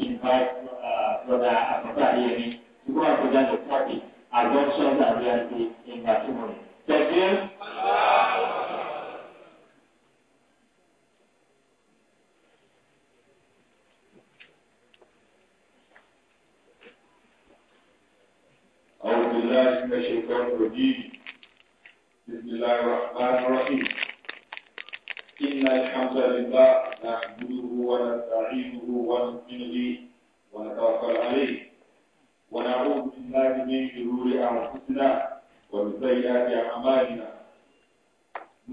invite uh, Brother uh, Abakari to go and present the topic, Adoptions and Reality in Matrimony. Thank you. أعوذ بالله من الشيطان الرجيم بسم الله الرحمن الرحيم إن الحمد لله نحمده ونستعينه ونؤمن به ونتوكل عليه ونعوذ بالله من شرور أنفسنا ومن سيئات أعمالنا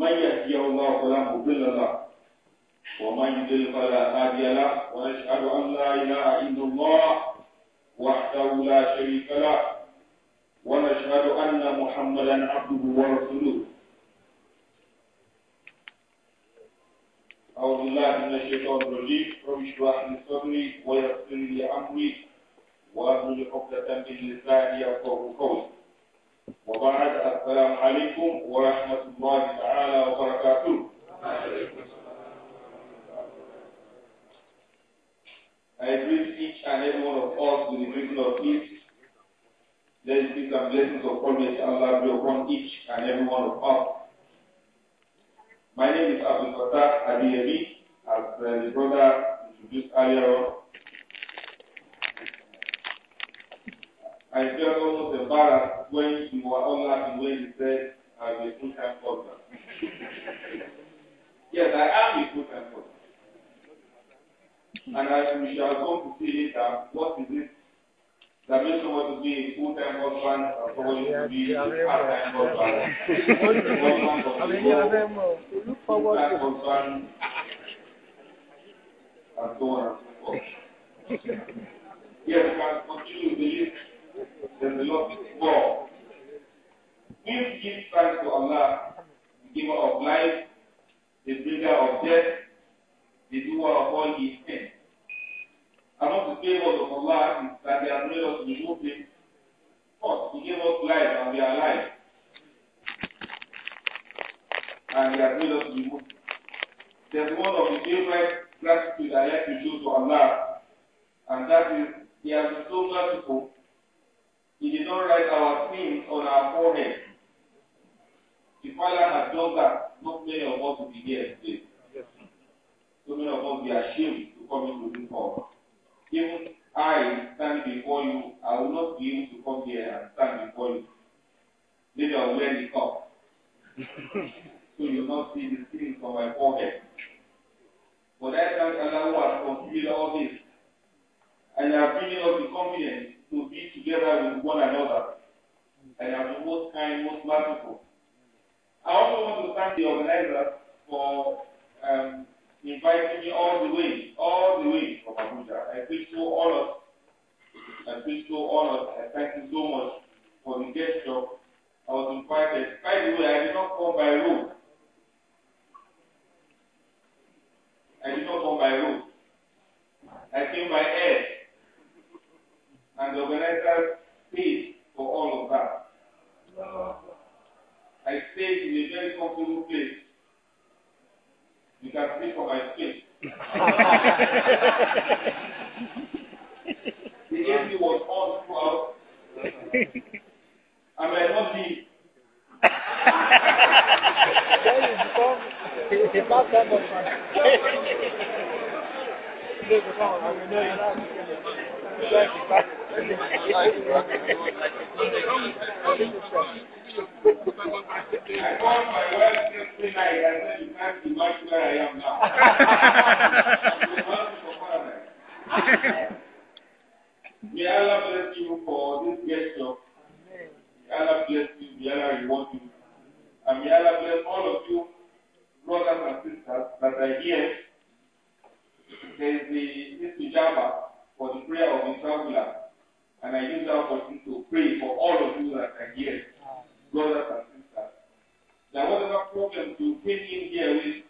من يهديه الله فلا مضل له ومن يضلل فلا هادي له ونشهد أن لا إله إلا الله وحده لا شريك له ونشهد أن محمدا عبده ورسوله يشرح لي صدري لي أمري وبعد السلام عليكم ورحمة الله تعالى وبركاته I greet each and every one of us with the greeting of peace. Let the be some blessings of Almighty Allah be upon each and every one of us. My name is Abdul Fattah Adiyabi, as uh, the brother just earlier on. I felt almost embarrassed when you were all laughing when you said, i am a full time father. yes, I am a full time father. And as we shall come to see later, what is it that makes someone to be a full time husband and someone to be a part time husband? One man of the world, full time husband and so on and so forth. yes, I continue the that the Lord is God. If give thanks to Allah, the giver of life, the bringer of death, the doer of all his things. Among the favors of Allah is that He has made us be Muslims. First, He gave us life and we are alive. And He has made us be Muslims. There's one of the favorite that hidayah to due to Allah, and that is He has been so merciful. He did not write our sins on our forehead. If Allah had done that, not many of us would be here today. Yes. So many of us be ashamed to come into this hall. Even I stand before you, I will not be able to come here and stand before you. Maybe I will wear the cup. so you will not see the sins on my forehead. وذلك الله has completed all this, and I given us the confidence to be together with one another, and are the most kind, most merciful. I also want to thank the organizers for um, inviting me all the way, all the way from Abuja. I feel so honored. I feel so honored. I thank you so much for the gesture. I was invited. By the way, I did not come by road. comfortable place. You can pay for my space. the AC was on throughout. I may not leave. then you become a part time of my. May bless you for this gesture. bless you. reward you. And bless all of you, brothers and sisters that There is the Java for the prayer of the traveler. And I use that opportunity to pray for all of you that are here, brothers and sisters. There was enough problems to bring in here with,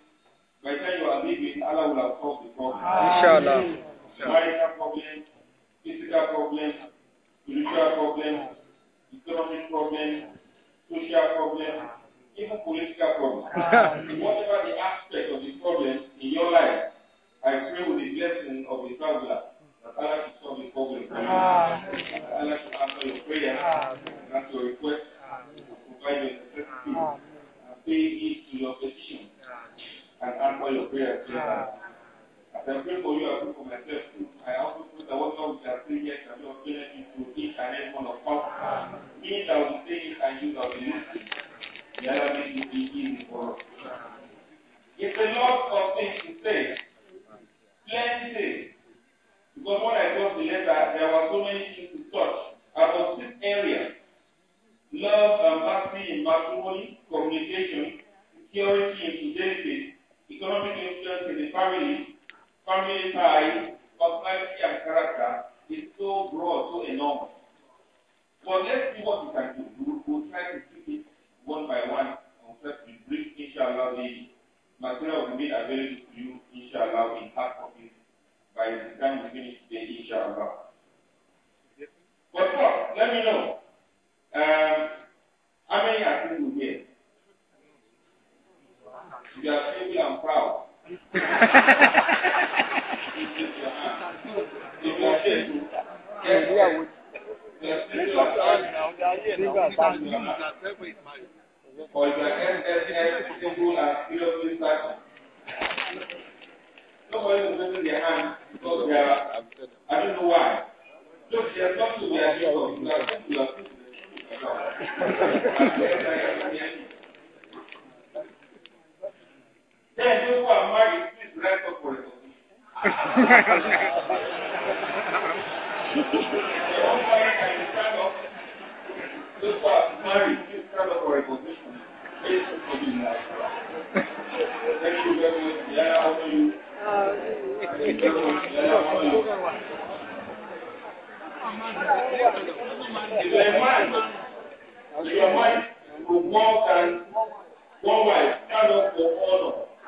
by the time you are leaving, Allah will have solved the problem. Inshallah. Marital problems, physical problems, spiritual problems, economic problems, social problems, even political problems. whatever the aspect of the problem in your life, I pray with the blessing of the traveler. Father, like to answer your prayer and your request to provide your necessity pay heed to your petition and answer your prayer I pray for you, I pray for myself too. I also pray that whatever we are saying here can be of to each and every one of us. Me that will say it and you that will listen. The other thing be easy for It's a lot of things to say. happening in matrimony, communication, security in today's economic influence in the family, family ties, personality and character is so broad, so enormous. But let's see what we can do. We will, we'll try to take it one by one and we'll try to bring, inshallah, the material we made available to you, inshallah, in half Nígbà tá bẹ́ẹ̀ ni ó wà márì sí ìsirẹ́ tọkọ rẹ̀ òkú. ọmọ rẹ̀ kà ní sábà ló wà márì sí ìsirẹ́ tọkọ rẹ̀ òkú. Thank you very much. Yeah, how are you? Suleiman, Suleiman, one can, one wife, stand up for honor.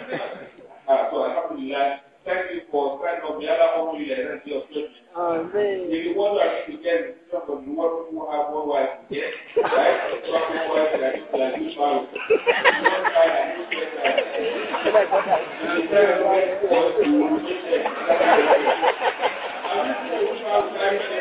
So ah, alhamdulillah, thank you for kind the other only that you have given. Amen. If you want to get some of the work have one wife today, right? So have one that you found.